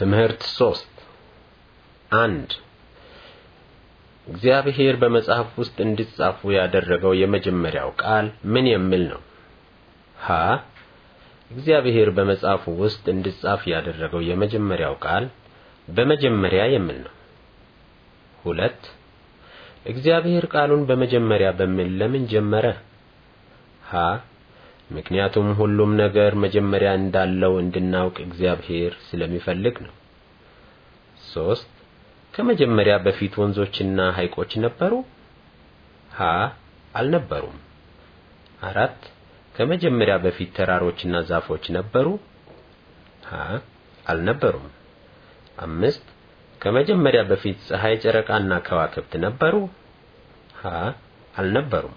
ትምህርት ሶስት አንድ እግዚአብሔር በመጽሐፍ ውስጥ እንዲጻፉ ያደረገው የመጀመሪያው ቃል ምን የሚል ነው? ሀ እግዚአብሔር በመጽሐፉ ውስጥ እንዲጻፍ ያደረገው የመጀመሪያው ቃል በመጀመሪያ የሚል ነው። ሁለት እግዚአብሔር ቃሉን በመጀመሪያ በሚል ለምን ጀመረ? ሀ ምክንያቱም ሁሉም ነገር መጀመሪያ እንዳለው እንድናውቅ እግዚአብሔር ስለሚፈልግ ነው። ሶስት ከመጀመሪያ በፊት ወንዞችና ሐይቆች ነበሩ? ሀ አልነበሩም። አራት ከመጀመሪያ በፊት ተራሮችና ዛፎች ነበሩ? ሀ አልነበሩም። አምስት ከመጀመሪያ በፊት ፀሐይ፣ ጨረቃና ከዋክብት ነበሩ? ሀ አልነበሩም።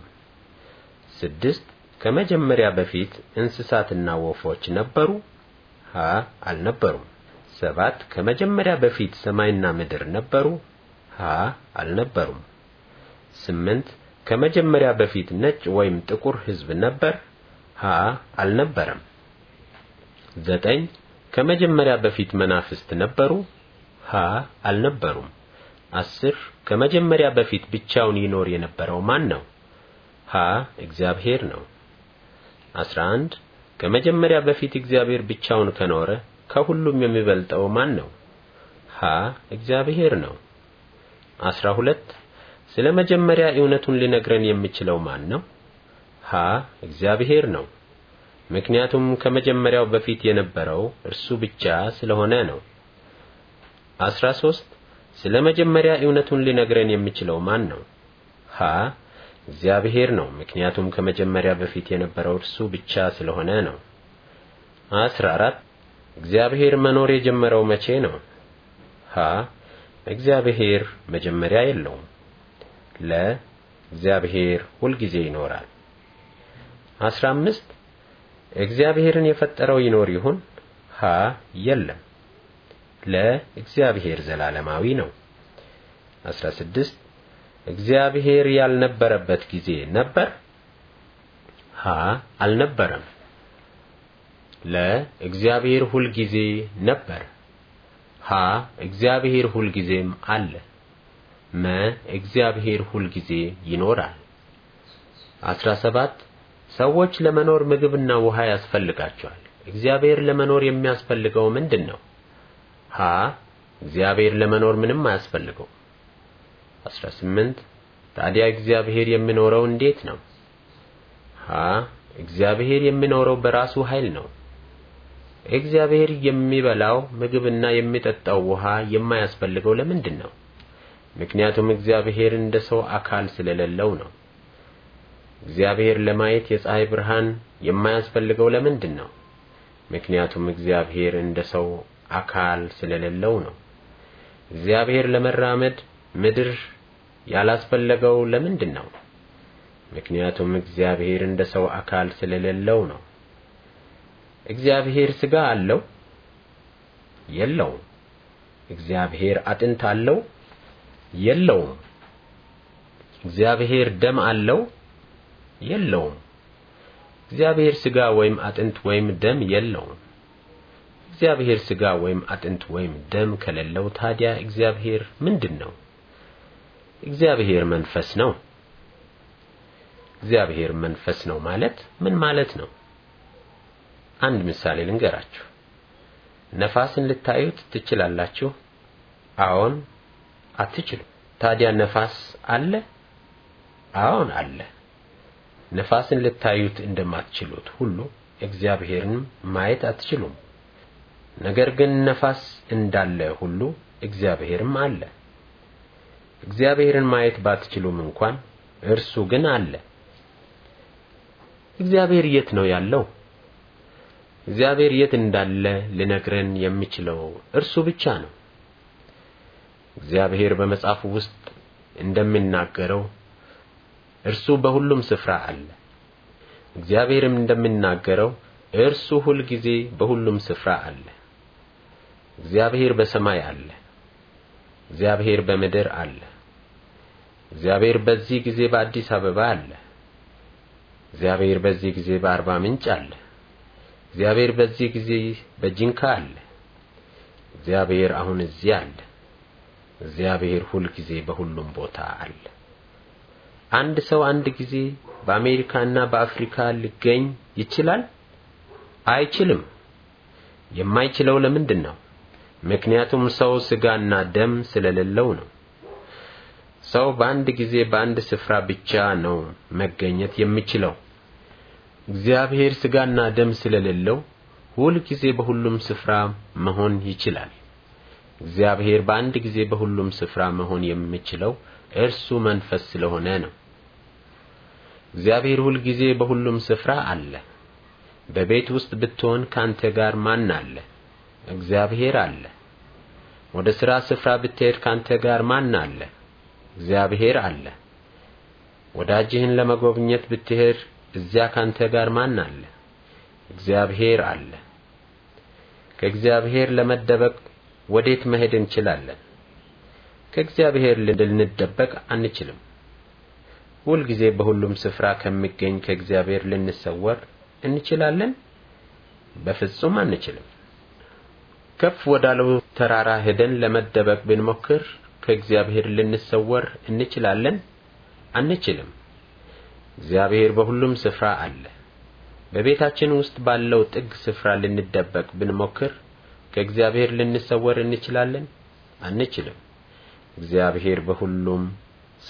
ስድስት ከመጀመሪያ በፊት እንስሳትና ወፎች ነበሩ? ሀ አልነበሩም። ሰባት ከመጀመሪያ በፊት ሰማይና ምድር ነበሩ? ሀ አልነበሩም። ስምንት ከመጀመሪያ በፊት ነጭ ወይም ጥቁር ህዝብ ነበር? ሀ አልነበረም። ዘጠኝ ከመጀመሪያ በፊት መናፍስት ነበሩ? ሀ አልነበሩም። አስር ከመጀመሪያ በፊት ብቻውን ይኖር የነበረው ማን ነው? ሀ እግዚአብሔር ነው። 11 ከመጀመሪያ በፊት እግዚአብሔር ብቻውን ከኖረ ከሁሉም የሚበልጠው ማን ነው? ሀ እግዚአብሔር ነው። 12 ስለ መጀመሪያ እውነቱን ሊነግረን የሚችለው ማን ነው? ሀ እግዚአብሔር ነው። ምክንያቱም ከመጀመሪያው በፊት የነበረው እርሱ ብቻ ስለሆነ ነው። 13 ስለ መጀመሪያ እውነቱን ሊነግረን የሚችለው ማን ነው? ሀ እግዚአብሔር ነው፣ ምክንያቱም ከመጀመሪያ በፊት የነበረው እርሱ ብቻ ስለሆነ ነው። 14 እግዚአብሔር መኖር የጀመረው መቼ ነው? ሀ እግዚአብሔር መጀመሪያ የለውም። ለ እግዚአብሔር ጊዜ ይኖራል። 15 እግዚአብሔርን የፈጠረው ይኖር ይሁን? ሀ የለም። ለ እግዚአብሔር ዘላለማዊ ነው። 16 እግዚአብሔር ያልነበረበት ጊዜ ነበር? ሀ አልነበረም። ለ እግዚአብሔር ሁል ጊዜ ነበር። ሀ እግዚአብሔር ሁል ጊዜም አለ። መ እግዚአብሔር ሁል ጊዜ ይኖራል። 17 ሰዎች ለመኖር ምግብና ውሃ ያስፈልጋቸዋል። እግዚአብሔር ለመኖር የሚያስፈልገው ምንድን ነው? ሀ እግዚአብሔር ለመኖር ምንም አያስፈልገው 18 ታዲያ እግዚአብሔር የሚኖረው እንዴት ነው? ሀ እግዚአብሔር የሚኖረው በራሱ ኃይል ነው። እግዚአብሔር የሚበላው ምግብና የሚጠጣው ውሃ የማያስፈልገው ለምንድን ነው? ምክንያቱም እግዚአብሔር እንደ ሰው አካል ስለሌለው ነው። እግዚአብሔር ለማየት የፀሐይ ብርሃን የማያስፈልገው ለምንድን ነው? ምክንያቱም እግዚአብሔር እንደ ሰው አካል ስለሌለው ነው። እግዚአብሔር ለመራመድ ምድር ያላስፈለገው ለምንድን ነው? ምክንያቱም እግዚአብሔር እንደ ሰው አካል ስለሌለው ነው። እግዚአብሔር ስጋ አለው? የለውም። እግዚአብሔር አጥንት አለው? የለውም። እግዚአብሔር ደም አለው? የለውም። እግዚአብሔር ስጋ ወይም አጥንት ወይም ደም የለውም። እግዚአብሔር ስጋ ወይም አጥንት ወይም ደም ከሌለው ታዲያ እግዚአብሔር ምንድን ነው? እግዚአብሔር መንፈስ ነው። እግዚአብሔር መንፈስ ነው ማለት ምን ማለት ነው? አንድ ምሳሌ ልንገራችሁ። ነፋስን ልታዩት ትችላላችሁ? አዎን፣ አትችሉ። ታዲያ ነፋስ አለ? አዎን አለ። ነፋስን ልታዩት እንደማትችሉት ሁሉ እግዚአብሔርን ማየት አትችሉም። ነገር ግን ነፋስ እንዳለ ሁሉ እግዚአብሔርም አለ። እግዚአብሔርን ማየት ባትችሉም እንኳን እርሱ ግን አለ። እግዚአብሔር የት ነው ያለው? እግዚአብሔር የት እንዳለ ልነግረን የሚችለው እርሱ ብቻ ነው። እግዚአብሔር በመጽሐፉ ውስጥ እንደሚናገረው እርሱ በሁሉም ስፍራ አለ። እግዚአብሔርም እንደሚናገረው እርሱ ጊዜ በሁሉም ስፍራ አለ። እግዚአብሔር በሰማይ አለ። እግዚአብሔር በምድር አለ። እግዚአብሔር በዚህ ጊዜ በአዲስ አበባ አለ። እግዚአብሔር በዚህ ጊዜ በአርባ ምንጭ አለ። እግዚአብሔር በዚህ ጊዜ በጂንካ አለ። እግዚአብሔር አሁን እዚህ አለ። እግዚአብሔር ሁል ጊዜ በሁሉም ቦታ አለ። አንድ ሰው አንድ ጊዜ በአሜሪካ እና በአፍሪካ ሊገኝ ይችላል? አይችልም። የማይችለው ለምንድን ነው? ምክንያቱም ሰው ስጋና ደም ስለሌለው ነው። ሰው በአንድ ጊዜ በአንድ ስፍራ ብቻ ነው መገኘት የሚችለው። እግዚአብሔር ስጋና ደም ስለሌለው ሁል ጊዜ በሁሉም ስፍራ መሆን ይችላል። እግዚአብሔር በአንድ ጊዜ በሁሉም ስፍራ መሆን የሚችለው እርሱ መንፈስ ስለሆነ ነው። እግዚአብሔር ሁል ጊዜ በሁሉም ስፍራ አለ። በቤት ውስጥ ብትሆን ካንተ ጋር ማን አለ? እግዚአብሔር አለ። ወደ ሥራ ስፍራ ብትሄድ ካንተ ጋር ማን አለ? እግዚአብሔር አለ። ወዳጅህን ለመጎብኘት ብትሄድ እዚያ ካንተ ጋር ማን አለ? እግዚአብሔር አለ። ከእግዚአብሔር ለመደበቅ ወዴት መሄድ እንችላለን? ከእግዚአብሔር ልንደበቅ አንችልም። ጊዜ በሁሉም ስፍራ ከሚገኝ ከእግዚአብሔር ልንሰወር እንችላለን? በፍጹም አንችልም። ከፍ ወዳለው ተራራ ሄደን ለመደበቅ ብንሞክር ከእግዚአብሔር ልንሰወር እንችላለን? አንችልም። እግዚአብሔር በሁሉም ስፍራ አለ። በቤታችን ውስጥ ባለው ጥግ ስፍራ ልንደበቅ ብንሞክር ከእግዚአብሔር ልንሰወር እንችላለን? አንችልም። እግዚአብሔር በሁሉም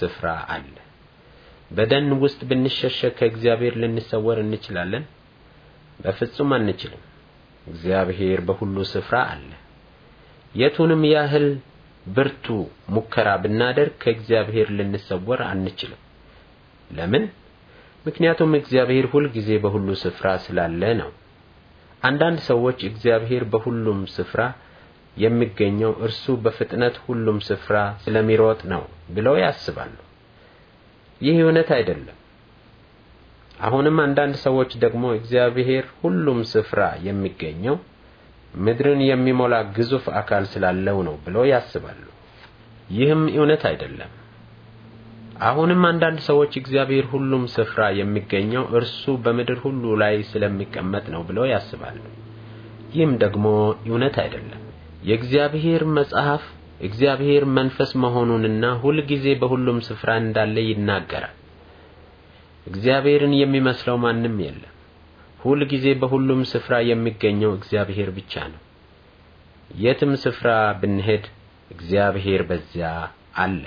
ስፍራ አለ። በደን ውስጥ ብንሸሸግ ከእግዚአብሔር ልንሰወር እንችላለን? በፍጹም አንችልም። እግዚአብሔር በሁሉ ስፍራ አለ። የቱንም ያህል ብርቱ ሙከራ ብናደርግ ከእግዚአብሔር ልንሰወር አንችልም። ለምን? ምክንያቱም እግዚአብሔር ጊዜ በሁሉ ስፍራ ስላለ ነው። አንዳንድ ሰዎች እግዚአብሔር በሁሉም ስፍራ የሚገኘው እርሱ በፍጥነት ሁሉም ስፍራ ስለሚሮጥ ነው ብለው ያስባሉ። ይህ እውነት አይደለም። አሁንም አንዳንድ ሰዎች ደግሞ እግዚአብሔር ሁሉም ስፍራ የሚገኘው ምድርን የሚሞላ ግዙፍ አካል ስላለው ነው ብለው ያስባሉ። ይህም እውነት አይደለም። አሁንም አንዳንድ ሰዎች እግዚአብሔር ሁሉም ስፍራ የሚገኘው እርሱ በምድር ሁሉ ላይ ስለሚቀመጥ ነው ብለው ያስባሉ። ይህም ደግሞ እውነት አይደለም። የእግዚአብሔር መጽሐፍ እግዚአብሔር መንፈስ መሆኑንና ሁልጊዜ በሁሉም ስፍራ እንዳለ ይናገራል። እግዚአብሔርን የሚመስለው ማንም የለም። ሁል ጊዜ በሁሉም ስፍራ የሚገኘው እግዚአብሔር ብቻ ነው። የትም ስፍራ ብንሄድ እግዚአብሔር በዚያ አለ።